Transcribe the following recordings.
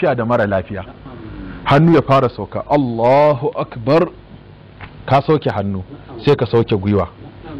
lafiya da mara lafiya hannu ya fara sauka Allahu akbar ka sauke hannu sai ka sauke gwiwa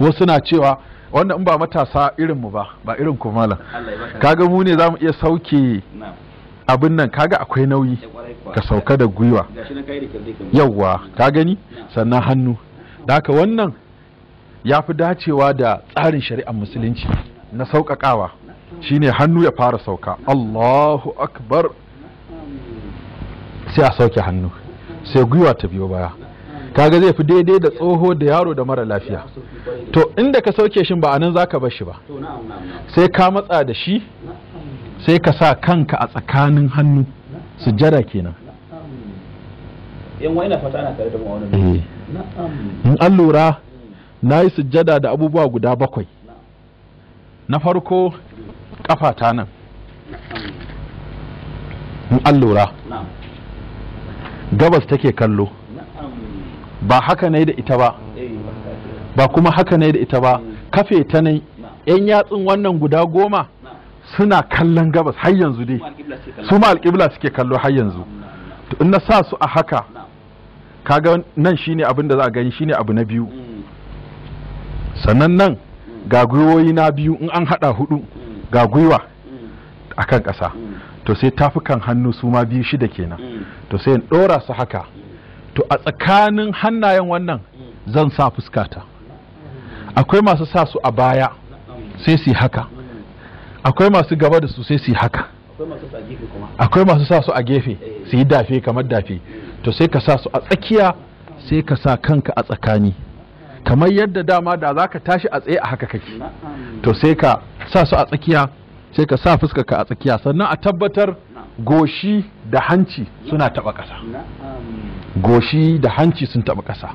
wasu na cewa wannan in ba matasa irin mu ba ba irin ku malam kaga mu ne za mu iya sauke abin nan kaga akwai nauyi ka sauka da gwiwa yauwa ka gani sannan hannu haka wannan ya fi dacewa da tsarin shari'ar musulunci na sauƙaƙawa shine hannu ya fara sauka Allahu akbar sai a sauke hannu sai gwiwa ta biyo baya kaga zai fi daidai da tsoho da yaro da mara lafiya to inda ka sauke shi ba anan zaka bar shi ba sai ka matsa da shi sai ka sa kanka a tsakanin hannu sujjada kenan ina fata ana da eh. in an na yi sujjada da abubuwa guda bakwai na farko kafata nan in an lura gabas take kallo ba haka ne da ita ba ba kuma haka ne da ita ba kafe ta ne yan yatsun wannan guda goma suna kallon gabas har yanzu dai su ma alƙibla suke kallo har yanzu to in na sa su a haka kaga nan shine abin da za a gani shine abu na biyu sannan nan ga gwiwoyi na biyu in an hada hudu ga gwiwa akan ƙasa to sai tafukan hannu su ma biyu shida kenan to sai in ɗora su haka to a tsakanin hannayen wannan zan sa fuskata akwai masu sa su a baya sai su haka akwai masu gaba da su sai su haka akwai masu sa su a gefe su yi dafe kamar dafe to sai ka sa su a tsakiya sai ka sa kanka a tsakani kamar yadda dama da za ka tashi a tsaye a haka kake to sai ka sa su a tsakiya sai ka sa fuskarka a tsakiya sannan a tabbatar goshi da hanci suna taba ƙasa goshi da hanci sun taba ƙasa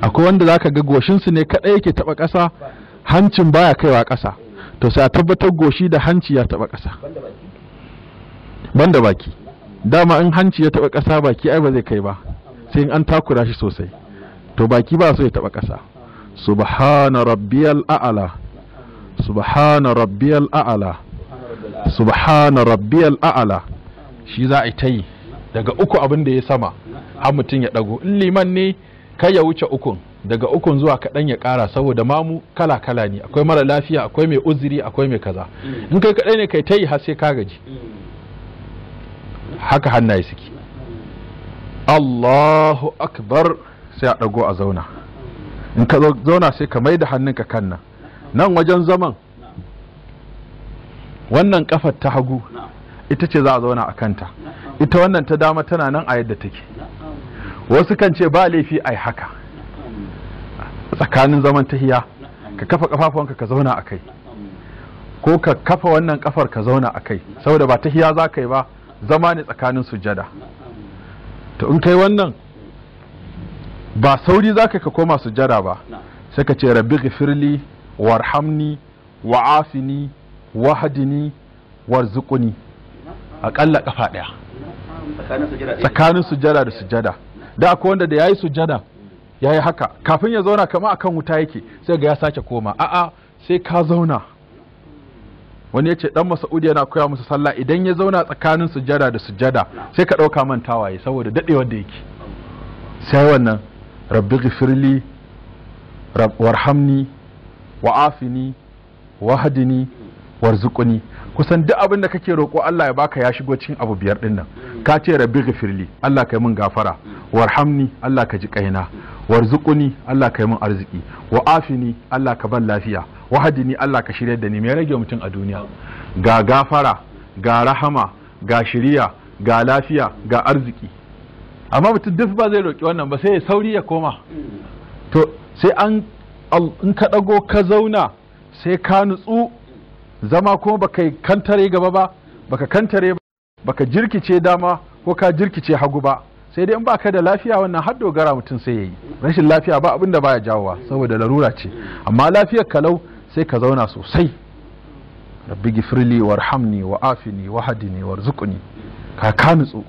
akwai wanda za ka ga goshinsu ne kaɗai yake taba ƙasa hancin baya kaiwa ƙasa to sai a tabbatar goshi da hanci ya taba ƙasa banda baki dama in hanci ya taba ƙasa baki ai ba zai kai ba sai in an takura shi sosai to baki ba so ya taba ƙasa subhana rabbiyal a'ala subhana rabbiyal a'ala subhana rabbiyal a'ala shi za a ta yi daga uku abin da ya sama har mutum ya ɗago in liman ne kai ya wuce ukun daga ukun zuwa kaɗan ya ƙara saboda mamu kala kala ne akwai mara lafiya akwai mai uzuri akwai mai kaza in kai kaɗai ne kai ta yi har sai ka gaji haka hannaye suke Allahu akbar sai a ɗago a zauna in ka zauna sai ka mai da hannunka kan nan nan wajen zaman wannan kafar ta hagu ita ce za a zauna a kanta ita wannan ta dama tana nan a yadda take wasu kan ce ba laifi a haka tsakanin zaman tahiya ka kafa kafafuwanka ka zauna a kai ko ka kafa wannan kafar ka zauna a kai saboda ba tahiya za ka yi ba zama ne tsakanin sujada to in kai wannan ba sauri za ka ka koma sujada ba sai ka ce rabbi gifirli warhamni wa'afini wahdini warzuqni akalla kafa ɗaya tsakanin sujada da sujada da akwai wanda da yayi yi sujada ya haka kafin ya zauna kamar akan wuta yake sai ga ya sake koma a'a sai ka zauna wani ya ce dan masa'udi yana koya musu sallah idan ya zauna tsakanin sujada da sujada sai ka ɗauka mantawa saboda dadewar da yake sai wannan rabbi gifirli warhamni wa'afini wahadini warzukuni kusan duk abin da kake roƙo Allah ya baka ya shigo cikin abu biyar nan ka ce rabbi ghafirli Allah kai mun gafara warhamni Allah ka ji kaina warzuƙuni Allah kai min arziki wa afini Allah ka ban lafiya wahadini Allah ka shirya da ni me rage mutum a duniya ga gafara ga rahama ga shiriya ga lafiya ga arziki amma mutum duk ba zai roƙi wannan ba sai ya sauri ya koma to sai an in ka ɗago ka zauna sai ka nutsu zama kuma baka kantare gaba ba baka kantare ba baka jirkice dama ko ka jirkice hagu ba sai dai in baka da lafiya wannan har dogara mutum sai yayi rashin lafiya ba abin da baya jawowa saboda larura ce amma lafiyar kalau sai ka zauna sosai rabbi gifirli warhamni wa afini wa hadini warzuqni ka ka nutsu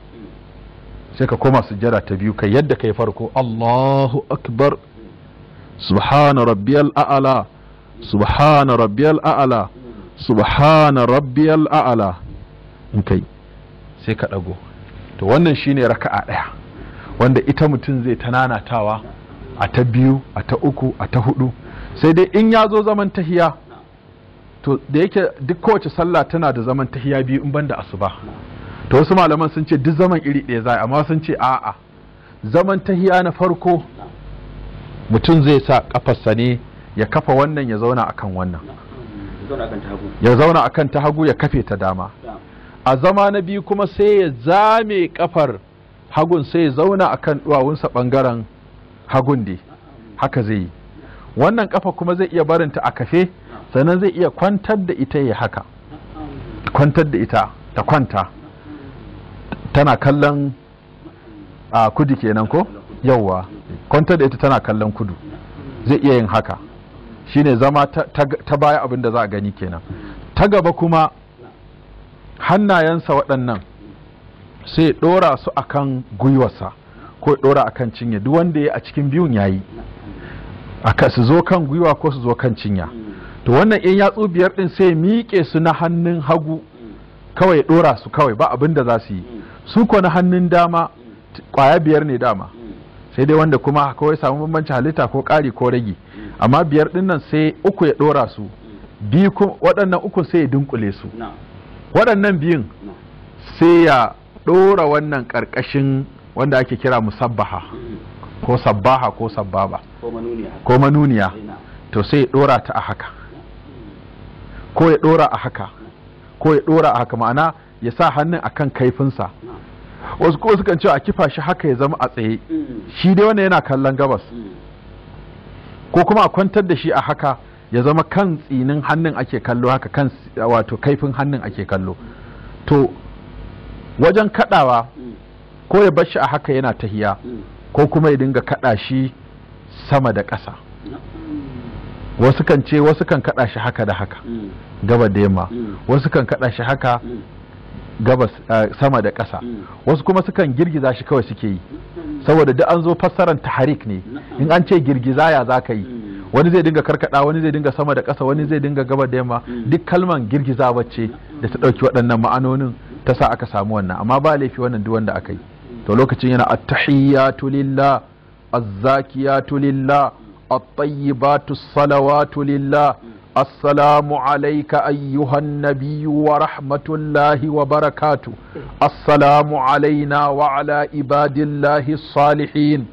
sai ka koma sujjada ta biyu kai yadda kai farko Allahu akbar subhana rabbiyal a'la subhana rabbiyal a'la subhana rabbiyal a'ala in kai sai ka ɗago to wannan shine raka'a ɗaya wanda ita mutum zai ta nanatawa a ta biyu a ta uku a ta hudu sai dai in ya zo zaman tahiya to da yake duk kowace sallah tana da zaman tahiya biyu in banda asuba to wasu malaman sun ce duk zaman iri ɗaya za amma sun ce a'a zaman tahiya na farko mutum zai sa kafarsa ne ya kafa wannan ya zauna akan wannan ya zauna a kan ta hagu ya kafe ta dama a zama na biyu kuma sai ya zame kafar hagun sai ya zauna kan duwawunsa ɓangaren hagun dai haka zai yi wannan kafa kuma zai iya barinta a kafe sannan zai iya kwantar da ita ya haka kwantar da ita ta kwanta tana kallon kudu kenan ko yauwa kwantar da ita tana kallon kudu zai iya yin haka shine zama ta baya abin da za a gani kenan ta gaba kuma hannayensa waɗannan sai ya ɗora su akan gwiwarsa ko ɗora akan cinya duk wanda ya a cikin biyun yayi aka su zo kan gwiwa ko su zo kan cinya to wannan in yatsu biyar ɗin sai miƙe su na hannun hagu kawai ya ɗora su kawai ba abin da za su yi su ko na hannun dama kwaya biyar ne dama sai dai wanda kuma kawai samu bambancin halitta ko ƙari ko rage amma biyar ɗin nan sai uku ya ɗora su waɗannan uku sai ya dunkule su waɗannan biyun sai ya ɗora wannan ƙarƙashin wanda ake kira musabbaha ko sabbaha ko sabbaba ko manuniya eh, to sai ya ɗora ta a haka ko ya ɗora a haka ko ya ɗora a haka ma'ana ya sa hannun akan kaifinsa wasu ko kan ce a kifa shi haka ya zama a tsaye mm. shi dai wanda yana kallon gabas mm. ko kuma a kwantar da shi a haka ya zama kan tsinin hannun ake kallo haka kan wato kaifin hannun ake kallo to wajen kadawa ko ya bar shi a haka yana tahiya ko kuma ya dinga kada shi sama da ƙasa wasu kan ce wasu kan kada shi haka da haka gaba da yamma wasu kan kada shi haka gaba eh, sama da ƙasa wasu kuma sukan girgiza shi kawai suke yi saboda duk an zo fassaran taharik ne in an ce girgiza ya za ka yi wani zai dinga karkada wani zai dinga sama da ƙasa wani zai dinga gaba da yamma duk kalman girgiza wacce da ta ɗauki waɗannan ma'anonin ta sa aka samu wannan amma ba laifi wannan duk wanda aka yi to lokacin yana a tahiyyatu lillah az-zakiyatu lillah at-tayyibatu salawatu lillah السلام عليك أيها النبي ورحمة الله وبركاته السلام علينا وعلى عباد الله الصالحين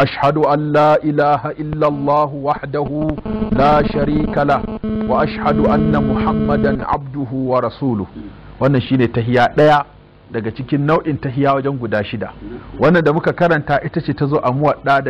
أشهد أن لا إله إلا الله وحده لا شريك له وأشهد أن محمدا عبده ورسوله ونشين تهيأ daga cikin nau'in tahiya wajen guda shida wannan da muka karanta ita ce ta zo a muwadda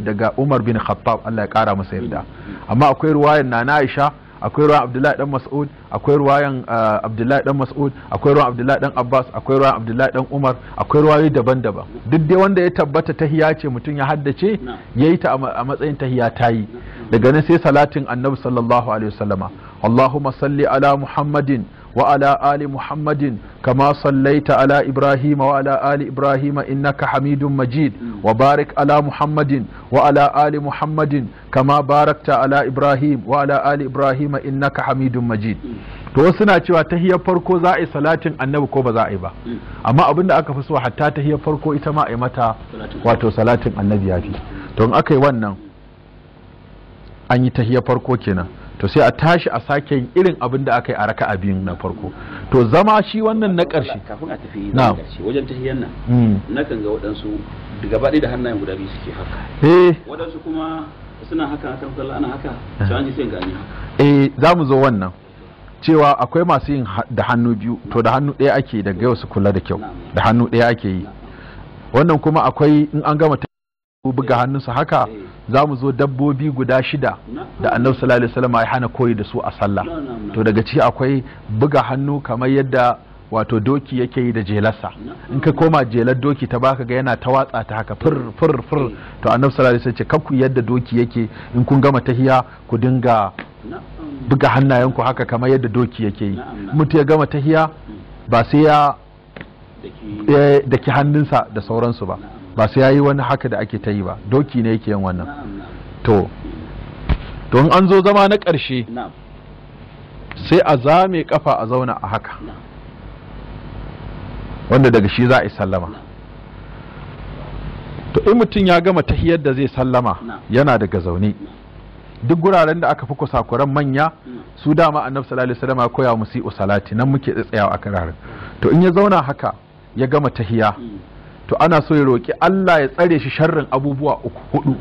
daga Umar bin Khattab Allah ya kara masa yarda amma akwai ruwayan na Aisha akwai ruwan Abdullahi dan eh, Mas'ud akwai ruwayan Abdullahi dan Mas'ud akwai ruwan Abdullahi dan Abbas akwai ruwan Abdullahi dan Umar akwai ruwayoyi daban-daban duk dai wanda ya tabbata tahiya ce mutum ya haddace ya yi ta a matsayin tahiya ta yi daga nan sai salatin Annabi sallallahu alaihi wasallama Allahumma salli ala Muhammadin وعلى آل محمد كما صليت على إبراهيم وعلى آل إبراهيم إنك حميد مجيد وبارك على محمد وعلى آل محمد كما باركت على إبراهيم وعلى آل إبراهيم إنك حميد مجيد to suna cewa ta tahiyar farko za a yi salatin annabi ko ba za a yi ba amma abin da aka fi so hatta hiyar farko ita ma a yi mata wato salatin annabi ya fi to aka yi wannan an yi ta tahiyar farko kenan to sai a tashi a sake irin abin da aka yi a raka a biyun na farko to zama shi wannan na ƙarshe kafin a tafi na ƙarshe wajen tahiyyar nan hmm. na kan ga waɗansu daga baɗi da hannayen guda biyu suke haka eh waɗansu kuma suna haka haka kalla ana haka ji sai gani haka eh za mu zo wannan cewa akwai masu yin da hannu biyu to da hannu ɗaya ake daga yau su kula da kyau da hannu ɗaya ake yi wannan kuma akwai in an gama buga hannunsu haka za mu zo dabbobi guda shida da annabi sallallahu alaihi wasallam ya hana koyi da su a sallah to daga ciki akwai buga hannu kamar yadda wato doki yake yi da jelarsa in ka koma jelar doki ta baka ga yana ta watsa ta haka fir fir fir to annabi sallallahu alaihi wasallam ce kakku yadda doki yake in kun gama tahiya ku dinga buga hannayenku haka kamar yadda doki yake yi mutu ya gama tahiya ba sai ya daki hannunsa da sauransu ba ba sai yi wani haka da ake ta yi ba doki ne yake yin wannan to don an zo zama na ƙarshe sai a zame kafa a zauna a haka wanda daga shi za a yi sallama to in mutum ya gama tahiyar da zai sallama yana daga zaune duk guraren da aka fi kusakuran manya su dama annabi sallallahu alaihi wasallam koya musu salati nan muke tsayawa a kararin to in ya zauna haka ya gama tahiya mm. to ana so ya roki Allah ya tsare shi sharrin abubuwa uku hudu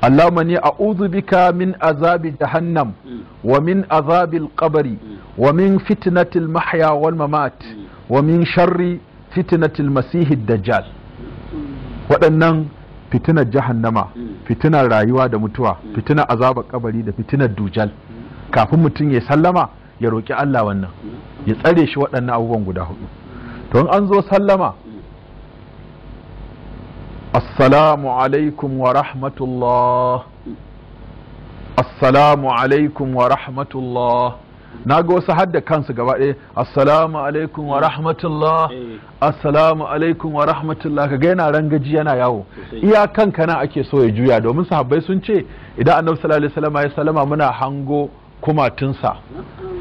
Allahumma ni a'udhu bika min azabi jahannam mm. wa min azabi al-qabri mm. wa min fitnati al-mahya wal mamat mm. wa min sharri fitnati al-masih ad-dajjal waɗannan fitinar jahannama fitinar rayuwa da mutuwa fitinar azabar kabari da fitinar dujal kafin mutum ya sallama ya roki Allah wannan ya tsare shi waɗannan abubuwan guda hudu to in an zo sallama السلام عليكم ورحمة الله na ga wasu hadda kansu gaba ɗaya assalamu alaikum wa rahmatullah assalamu alaikum wa rahmatullah kaga yana rangaji yana yawo iya kanka ake so ya juya domin sahabbai sun ce idan annabi sallallahu alaihi salama muna hango kumatunsa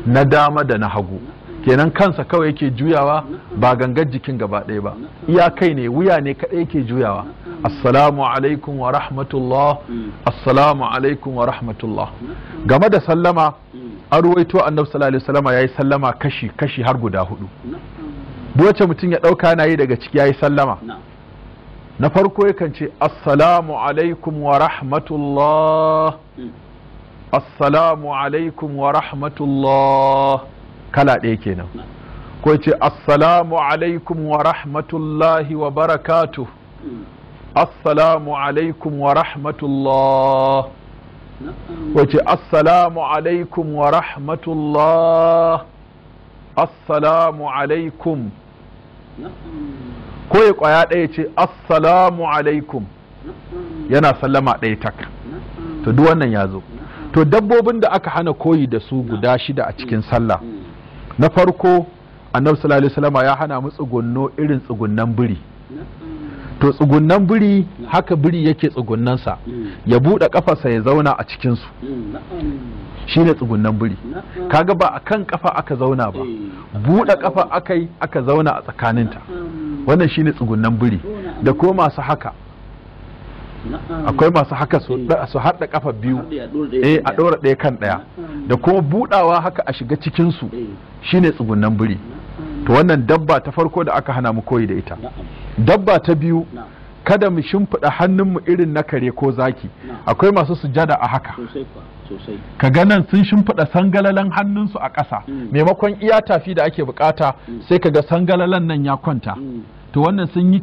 na dama da na hagu kenan kansa kawai yake juyawa ba gangar jikin gaba ɗaya ba iya kai ne wuya ne kaɗai yake juyawa assalamu alaikum wa rahmatullah assalamu alaikum wa rahmatullah game da sallama an ruwaito annabi sallallahu alaihi yayi sallama kashi kashi har guda hudu duk mutum ya ɗauka na yi daga ciki yayi sallama na farko yakan ce assalamu alaikum wa rahmatullah assalamu alaikum wa rahmatullah kala ɗaya kenan ko ce assalamu alaikum wa rahmatullahi wa barakatu. assalamu alaikum wa rahmatullah wace assalamu alaikum wa rahmatullah assalamu alaikum ko ya kwaya ɗaya ce assalamu alaikum yana sallama ɗaya tak to duk wannan ya zo to dabbobin da aka hana koyi da su guda shida a cikin sallah na farko annabi sallallahu alaihi wasallam ya hana mu tsugunno irin tsugunnan biri to tsugunnan biri haka biri yake tsugunnansa ya buɗe ƙafarsa ya zauna a cikinsu shi ne tsugunnan biri kaga ba a kan ƙafa aka zauna ba buɗe ƙafa aka yi aka zauna a tsakaninta wannan shi ne tsugunnan biri da ko masu haka akwai masu haka su eh. haɗa kafa biyu a ɗora ɗaya kan eh, ɗaya da kuma buɗawa haka a shiga cikinsu su eh. shine tsugunan biri to wannan dabba ta farko da aka hana mu koyi da ita dabba ta biyu kada mu shimfiɗa hannunmu irin na kare ko zaki akwai masu sujada a haka ka ganan sun shimfiɗa sangalalan hannunsu a ƙasa mm. maimakon iya tafi da ake bukata mm. sai ka ga sangalalan nan ya kwanta mm. to wannan sun yi